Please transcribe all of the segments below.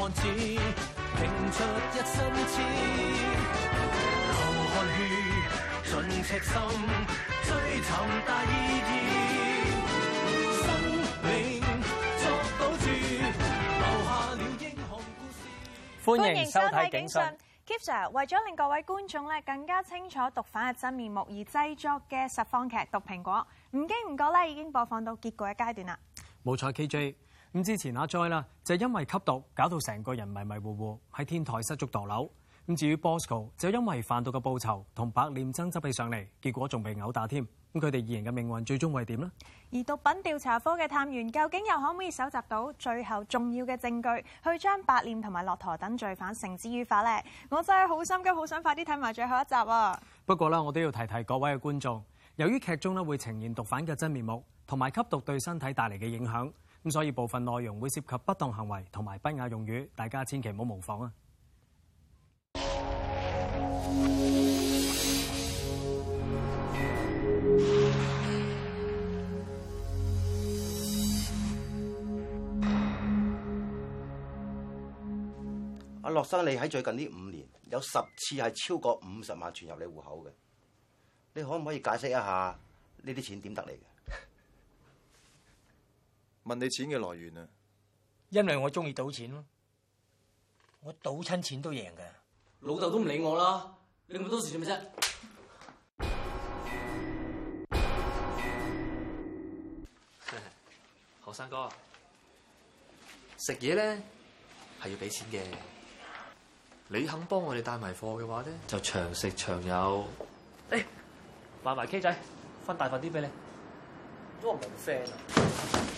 歡迎收睇，迎收睇《警訊》，KJ 為咗令各位觀眾咧更加清楚毒販嘅真面目而製作嘅實況劇《毒蘋果》，唔經唔覺咧已經播放到結果嘅階段啦。冇錯，KJ。咁之前阿哉啦，就因為吸毒搞到成個人迷迷糊糊，喺天台失足墮樓。咁至於 Bosco 就因為販毒嘅報酬同白臉爭執起上嚟，結果仲被毆打添。咁佢哋二人嘅命運最終會係點呢？而毒品調查科嘅探員究竟又可唔可以搜集到最後重要嘅證據，去將白臉同埋駱駝等罪犯繩之於法呢？我真係好心急，好想快啲睇埋最後一集啊。不過呢，我都要提提各位嘅觀眾，由於劇中咧會呈現毒販嘅真面目，同埋吸毒對身體帶嚟嘅影響。咁所以部分內容會涉及不當行為同埋不雅用語，大家千祈唔好模仿啊！阿、啊、駱生，你喺最近呢五年有十次係超過五十萬存入你戶口嘅，你可唔可以解釋一下呢啲錢點得嚟嘅？問你錢嘅來源啊？因為我中意賭錢咯，我賭親錢都贏嘅，老豆都唔理我啦。你咁多事做咩啫？後生哥食嘢咧係要俾錢嘅，你肯幫我哋帶埋貨嘅話咧，就長食長有。誒、哎，埋埋 K 仔分大份啲俾你，都唔 friend 啊！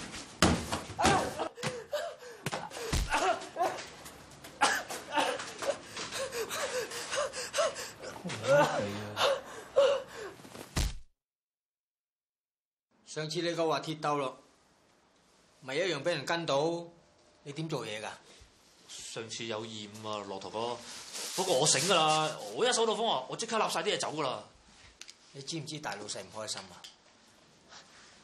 上次你個話鐵兜咯，咪一樣俾人跟到，你點做嘢噶？上次有艷啊，駱駝哥。不過我醒噶啦，我一收到風我即刻立晒啲嘢走噶啦。你知唔知大老細唔開心啊？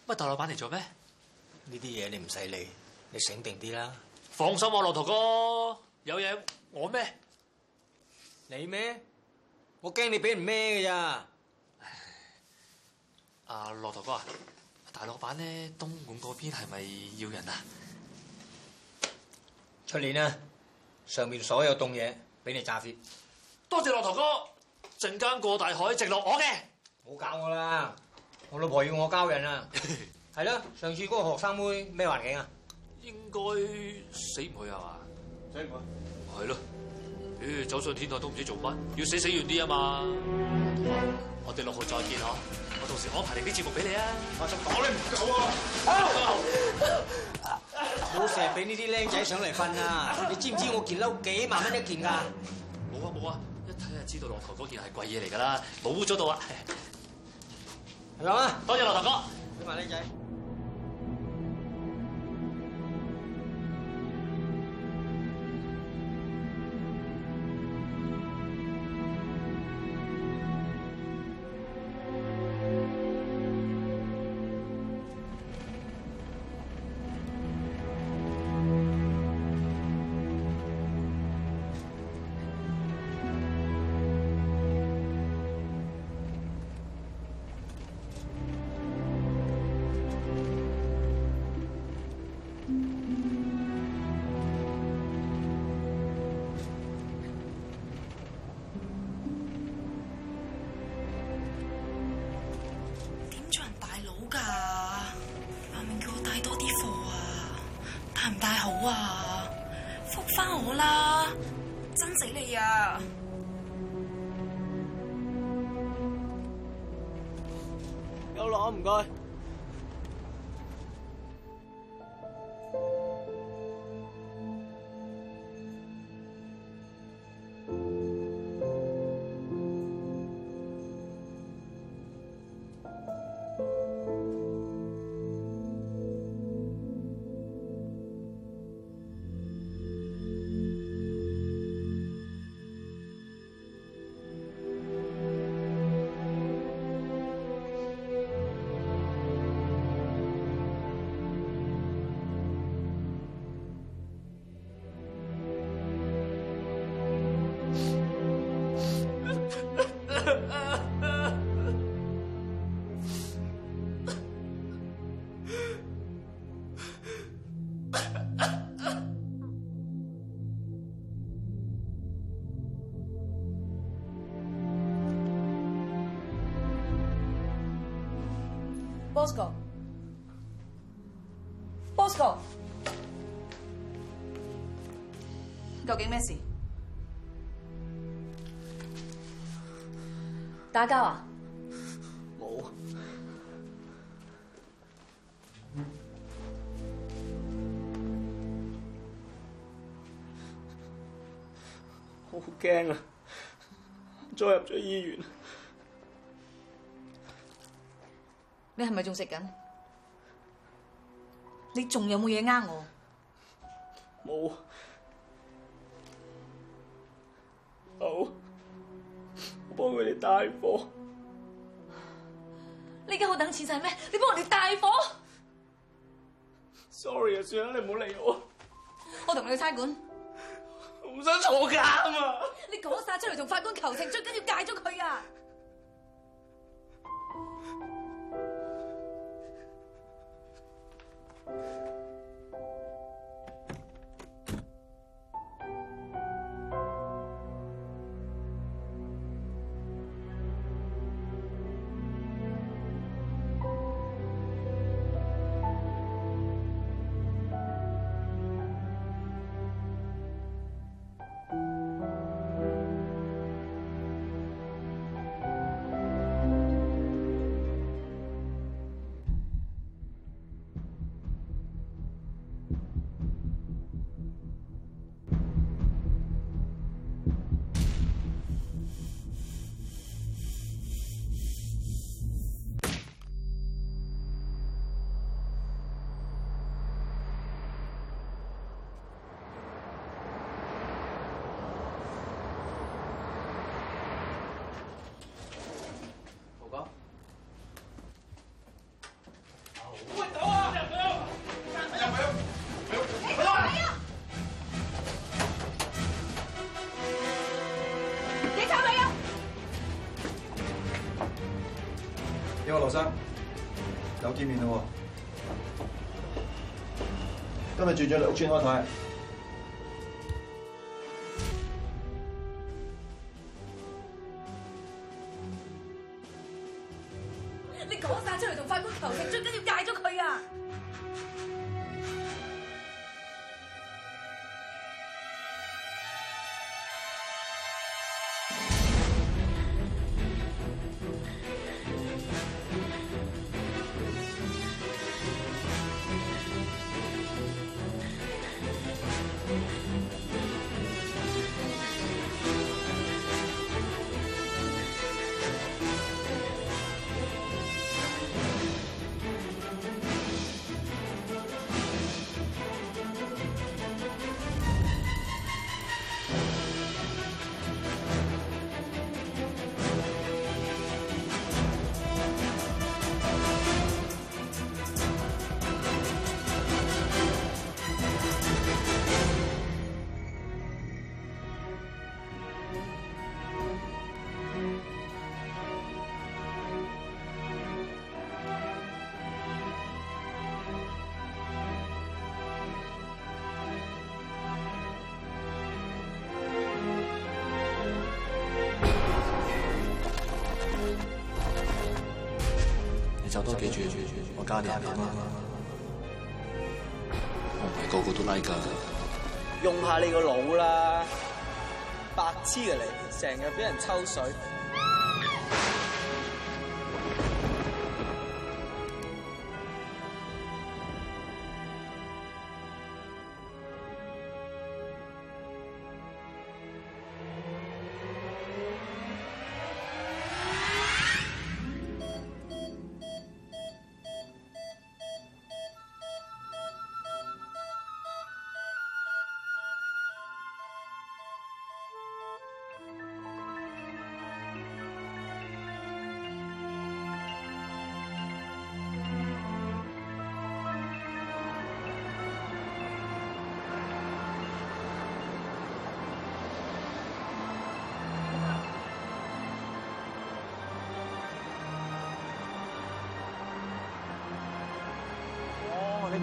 乜大老闆嚟做咩？呢啲嘢你唔使理，你醒定啲啦。放心啊駱駝哥，有嘢我孭。你孭？我驚你俾人孭噶咋？阿駱駝哥啊！大老闆咧，東莞嗰邊係咪要人啊？出年啊，上面所有凍嘢俾你炸飛。多謝駱駝哥，陣間過大海直落我嘅。唔好搞我啦，我老婆要我交人啊。係咯，上次嗰個學生妹咩環境啊？應該死唔去係嘛？死唔去。係咯，咦，走上天台都唔知做乜，要死死遠啲啊嘛。 我哋六號再見咯。到時我排定啲節目俾你，你啊！我就講你唔夠啊！冇成日俾呢啲僆仔上嚟瞓啊！你知唔知我件褸幾萬蚊一件㗎？冇啊冇啊，一睇就知道駱駝嗰件係貴嘢嚟㗎啦！冇污糟到啊！係啦，多謝駱駝哥。你僆仔。啊，覆返我啦，憎死你啊！有落唔該。Bosco，Bosco，究竟咩事？打交啊？冇。好驚啊！再入咗醫院。你係咪仲食緊？你仲有冇嘢呃我？冇。好，我幫佢哋帶貨。你而家好等錢使咩？你幫我哋帶貨。Sorry 啊，算啦，你唔好理我。我同你去差館。唔想坐監啊！你講晒出嚟同法官求情，最緊要戒咗佢啊！阿羅生，又見面啦喎！今日住咗嚟屋村開台。記住，記，住記，住記住，我加啲人啦。我唔係個個都 like 㗎。用下你個腦啦，白痴啊你，成日俾人抽水。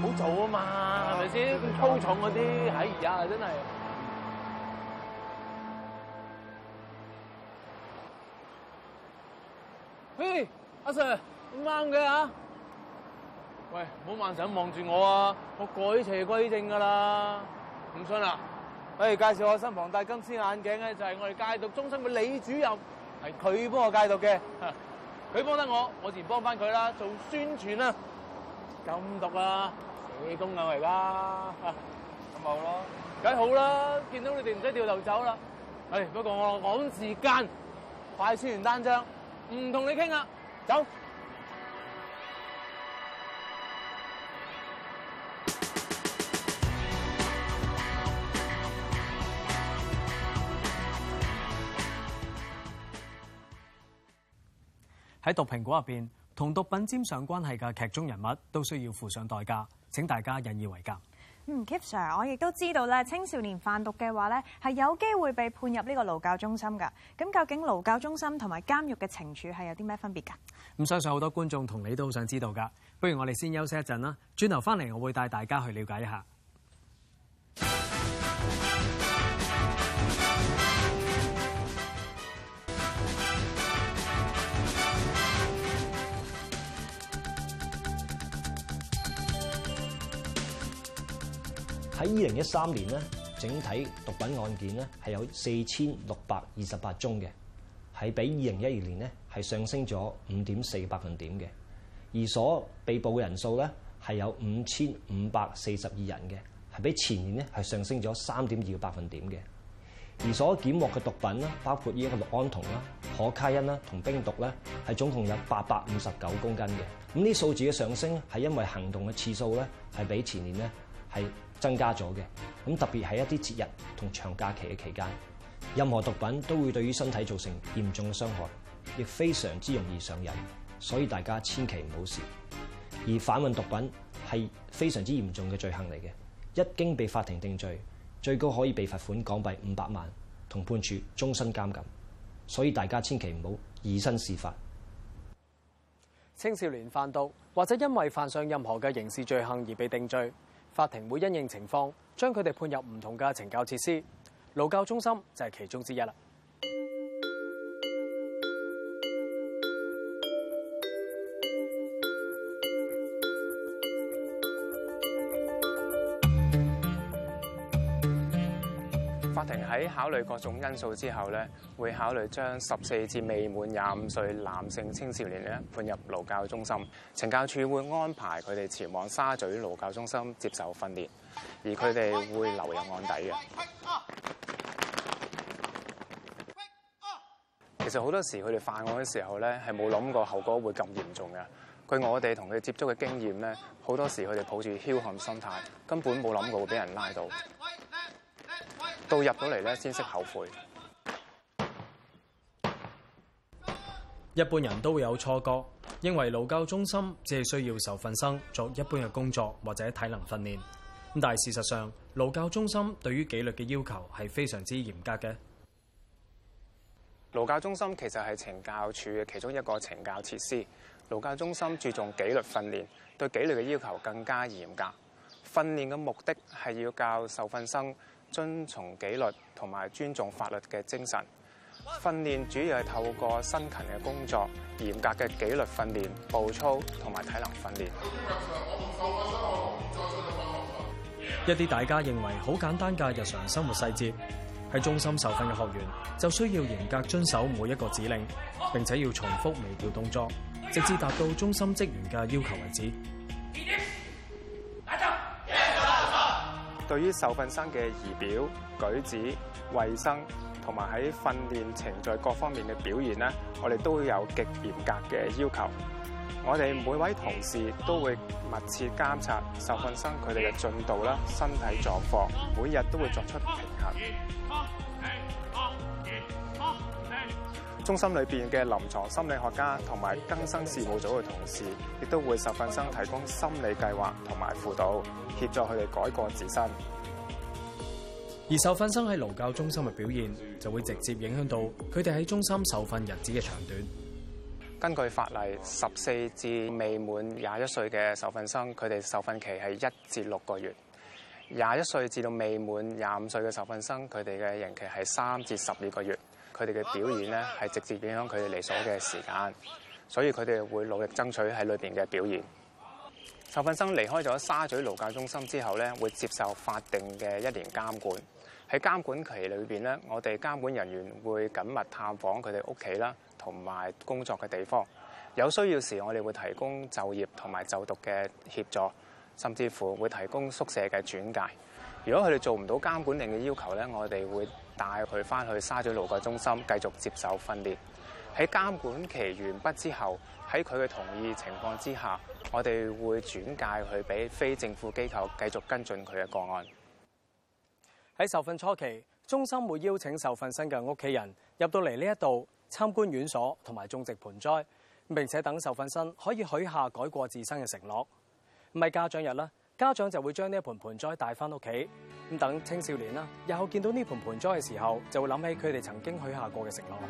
好做啊嘛，係咪先？咁粗重嗰啲哎呀，而家真係。嘿，阿 Sir，咁啱嘅啊！喂，唔好妄想望住我啊！我改邪歸正噶啦，唔信不、啊、如、哎、介紹我身旁戴金絲眼鏡咧，就係我哋戒毒中心嘅李主任，係佢幫我戒毒嘅。佢幫得我，我自然幫翻佢啦，做宣傳啦、啊，禁毒啦、啊。你公狗嚟啦，咁，啊，好咯，梗好啦，見到你哋唔使掉頭走啦。唉，不過我趕時間，快簽完單張，唔同你傾啦，走。喺毒蘋果入邊。同毒品沾上關係嘅劇中人物都需要付上代價。請大家引以為戒。嗯，Kip Sir，我亦都知道咧，青少年販毒嘅話咧係有機會被判入呢個勞教中心㗎。咁究竟勞教中心同埋監獄嘅懲處係有啲咩分別㗎？咁相信好多觀眾同你都好想知道㗎。不如我哋先休息一陣啦，轉頭翻嚟我會帶大家去了解一下。喺二零一三年咧，整體毒品案件咧係有四千六百二十八宗嘅，係比二零一二年咧係上升咗五點四百分點嘅。而所被捕嘅人數咧係有五千五百四十二人嘅，係比前年咧係上升咗三點二個百分點嘅。而所檢獲嘅毒品啦，包括呢一個氯胺酮啦、可卡因啦同冰毒咧，係總共有八百五十九公斤嘅。咁呢數字嘅上升係因為行動嘅次數咧係比前年咧係，增加咗嘅咁，特別係一啲節日同長假期嘅期間，任何毒品都會對於身體造成嚴重嘅傷害，亦非常之容易上癮，所以大家千祈唔好試。而販運毒品係非常之嚴重嘅罪行嚟嘅，一經被法庭定罪，最高可以被罰款港幣五百萬同判處終身監禁，所以大家千祈唔好以身試法。青少年販毒或者因為犯上任何嘅刑事罪行而被定罪。法庭會因應情況，將佢哋判入唔同嘅懲教設施，勞教中心就係其中之一啦。法庭喺考慮各種因素之後咧，會考慮將十四至未滿廿五歲男性青少年咧判入勞教中心。懲教署會安排佢哋前往沙咀勞教中心接受訓練，而佢哋會留有案底嘅。其實好多時佢哋犯案嘅時候咧，係冇諗過後果會咁嚴重嘅。據我哋同佢接觸嘅經驗咧，好多時佢哋抱住僥倖心態，根本冇諗過會俾人拉到。到入到嚟咧，先識後悔。一般人都會有錯覺，認為勞教中心只係需要受訓生做一般嘅工作或者體能訓練。咁但係事實上，勞教中心對於紀律嘅要求係非常之嚴格嘅。勞教中心其實係懲教署嘅其中一個懲教設施。勞教中心注重紀律訓練，對紀律嘅要求更加嚴格。訓練嘅目的係要教受訓生，遵從紀律同埋尊重法律嘅精神，訓練主要係透過辛勤嘅工作、嚴格嘅紀律訓練、步操同埋體能訓練。一啲大家認為好簡單嘅日常生活細節，係中心受訓嘅學員就需要嚴格遵守每一個指令，並且要重複微調動作，直至達到中心職員嘅要求為止。對於受訓生嘅儀表、舉止、衛生同埋喺訓練程序各方面嘅表現咧，我哋都有極嚴格嘅要求。我哋每位同事都會密切監察受訓生佢哋嘅進度啦、身體狀況，每日都會作出評核。中心裏面嘅臨床心理學家同埋更生事務組嘅同事，亦都會受訓生提供心理計劃同埋輔導，協助佢哋改過自身。而受訓生喺勞教中心嘅表現，就會直接影響到佢哋喺中心受訓日子嘅長短。根據法例，十四至未滿廿一歲嘅受訓生，佢哋受訓期係一至六個月；廿一歲至到未滿廿五歲嘅受訓生，佢哋嘅刑期係三至十二個月。佢哋嘅表演咧，係直接影響佢哋離所嘅時間，所以佢哋會努力爭取喺裏邊嘅表現。受訓生離開咗沙咀勞教中心之後咧，會接受法定嘅一年監管。喺監管期裏邊咧，我哋監管人員會緊密探訪佢哋屋企啦，同埋工作嘅地方。有需要時，我哋會提供就業同埋就讀嘅協助，甚至乎會提供宿舍嘅轉介。如果佢哋做唔到監管令嘅要求咧，我哋會。帶佢翻去沙咀勞教中心繼續接受訓練。喺監管期完畢之後，喺佢嘅同意情況之下，我哋會轉介佢俾非政府機構繼續跟進佢嘅個案。喺受訓初期，中心會邀請受訓生嘅屋企人入到嚟呢一度參觀院所同埋種植盆栽，並且等受訓生可以許下改過自新嘅承諾。唔係家長日啦。家長就會將呢一盆盆栽帶翻屋企，咁等青少年啦，日後見到呢盆盆栽嘅時候，就會諗起佢哋曾經許下過嘅承諾啦。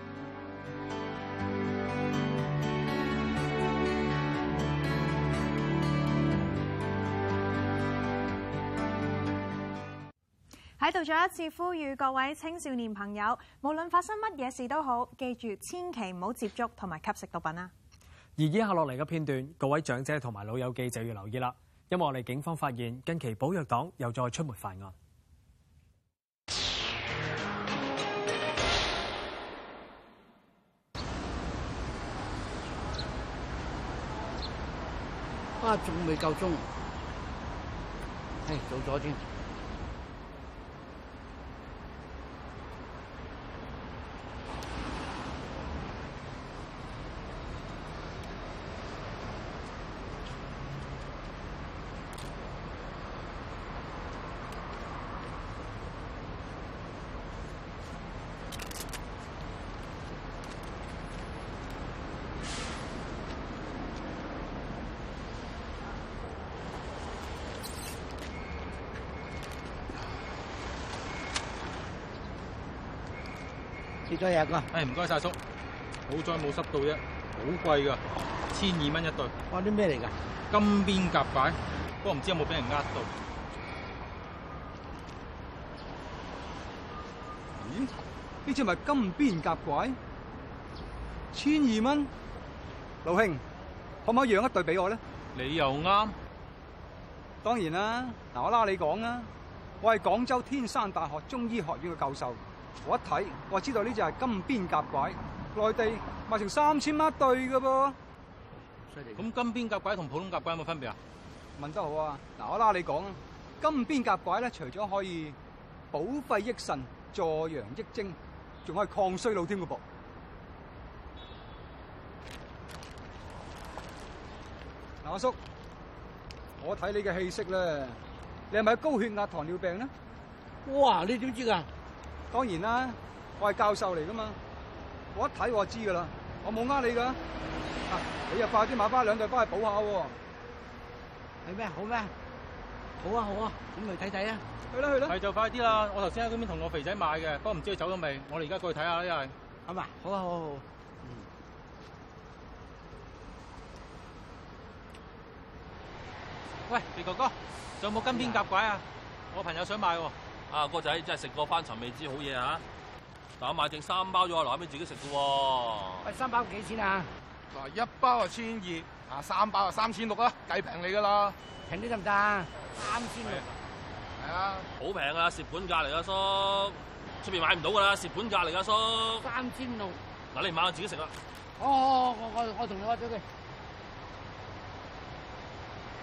喺度再一次呼籲各位青少年朋友，無論發生乜嘢事都好，記住千祈唔好接觸同埋吸食毒品啦。而以下落嚟嘅片段，各位長者同埋老友記就要留意啦。因為我哋警方發現近期保約黨又再出沒犯案，啊，仲未夠鐘，誒、哎，早咗先。再入噶，哎，唔該晒叔，好彩冇濕到啫，好貴噶，千二蚊一對。哇，啲咩嚟噶？金邊甲拐，都唔知有冇俾人呃到。咦？呢隻咪金邊甲拐？千二蚊，老兄，可唔可以養一對俾我咧？你又啱，當然啦。嗱，我拉你講啊，我係廣州天山大學中醫學院嘅教授。我一睇，我就知道呢隻係金邊甲拐，內地賣成三千蚊一對噶噃。咁金邊甲拐同普通甲拐有冇分別啊？問得好啊！嗱，我拉你講金邊甲拐咧，除咗可以補肺益腎、助陽益精，仲可以抗衰老添噶噃。嗱、啊，阿叔，我睇你嘅氣息咧，你係咪高血壓、糖尿病咧？哇！你點知噶？當然啦，我係教授嚟噶嘛，我一睇我就知噶啦，我冇呃你噶、啊，你又快啲買翻兩對翻去補下喎、啊，係咩？好咩？好啊好啊，咁嚟睇睇啊？去啦去啦，係就快啲啦，我頭先喺嗰邊同我肥仔買嘅，不過唔知佢走咗未？我哋而家過去睇下啦，因為阿嘛，好啊好啊，好啊、嗯，喂，肥哥哥，仲有冇金邊甲鬼啊？啊？我朋友想買喎、啊。啊，個仔真係食過翻尋味知好嘢啊！嗱，我買正三包咗，留俾自己食嘅。喂，三包幾錢啊？嗱，一包啊千二，啊三包啊三千六啊，計平你噶啦，平啲得唔得？啊？三千六，係啊，好平啊，蝕本價嚟噶叔，出邊買唔到噶啦，蝕本價嚟噶叔。三千六，嗱你買，自己食啊。哦，我我我同你買咗佢，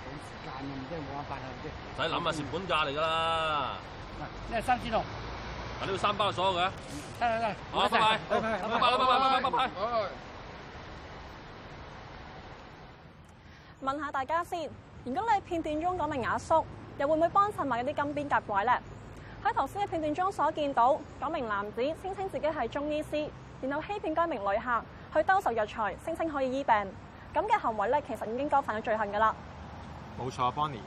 冇時間啊，唔知冇辦法唔知。唔使諗下蝕本價嚟噶啦。呢係三千六，我呢度三包所有嘅。嚟嚟嚟，好，拜拜，好，拜，拜，好拜拜，拜拜，拜，拜，拜，拜，拜，拜，拜，拜，拜拜，拜拜，拜拜。問下大家先，如果你係片段中嗰名阿叔，又會唔會幫襯埋嗰啲金邊蛤蚧咧？喺頭先嘅片段中所見到，嗰名男子聲稱自己係中醫師，然後欺騙該名旅客去兜售藥材，聲稱可以醫病，咁嘅行為咧，其實已經構成咗罪行噶啦。冇錯，Bonnie，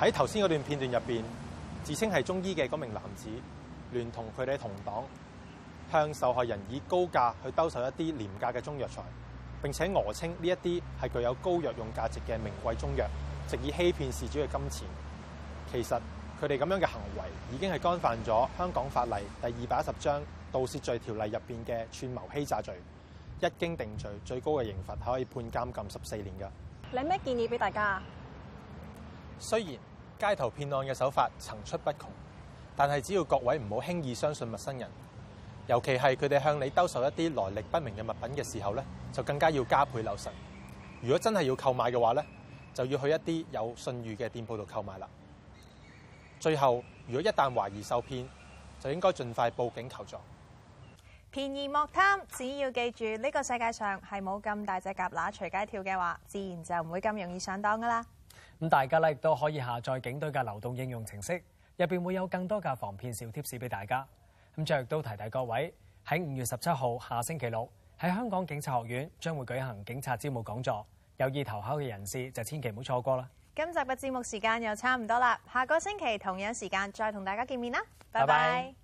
喺頭先嗰段片段入邊。自稱係中醫嘅嗰名男子，聯同佢哋同黨向受害人以高價去兜售一啲廉價嘅中藥材，並且訛稱呢一啲係具有高藥用價值嘅名貴中藥，直以欺騙事主嘅金錢。其實佢哋咁樣嘅行為已經係干犯咗香港法例第二百一十章盜竊罪條例入面嘅串謀欺詐罪。一經定罪，最高嘅刑罰係可以判監禁十四年㗎。你有咩建議俾大家？雖然街頭騙案嘅手法層出不窮，但係只要各位唔好輕易相信陌生人，尤其係佢哋向你兜售一啲來歷不明嘅物品嘅時候咧，就更加要加倍留神。如果真係要購買嘅話咧，就要去一啲有信譽嘅店鋪度購買啦。最後，如果一旦懷疑受騙，就應該盡快報警求助。便宜莫貪，只要記住呢個世界上係冇咁大隻蛤乸隨街跳嘅話，自然就唔會咁容易上當噶啦。咁大家咧都可以下載警隊嘅流動應用程式，入面會有更多嘅防騙小貼士俾大家。咁再亦都提提各位，喺五月十七號下星期六，喺香港警察學院將會舉行警察招募講座，有意投考嘅人士就千祈唔好錯過啦。今集嘅節目時間又差唔多啦，下個星期同樣時間再同大家見面啦，拜拜。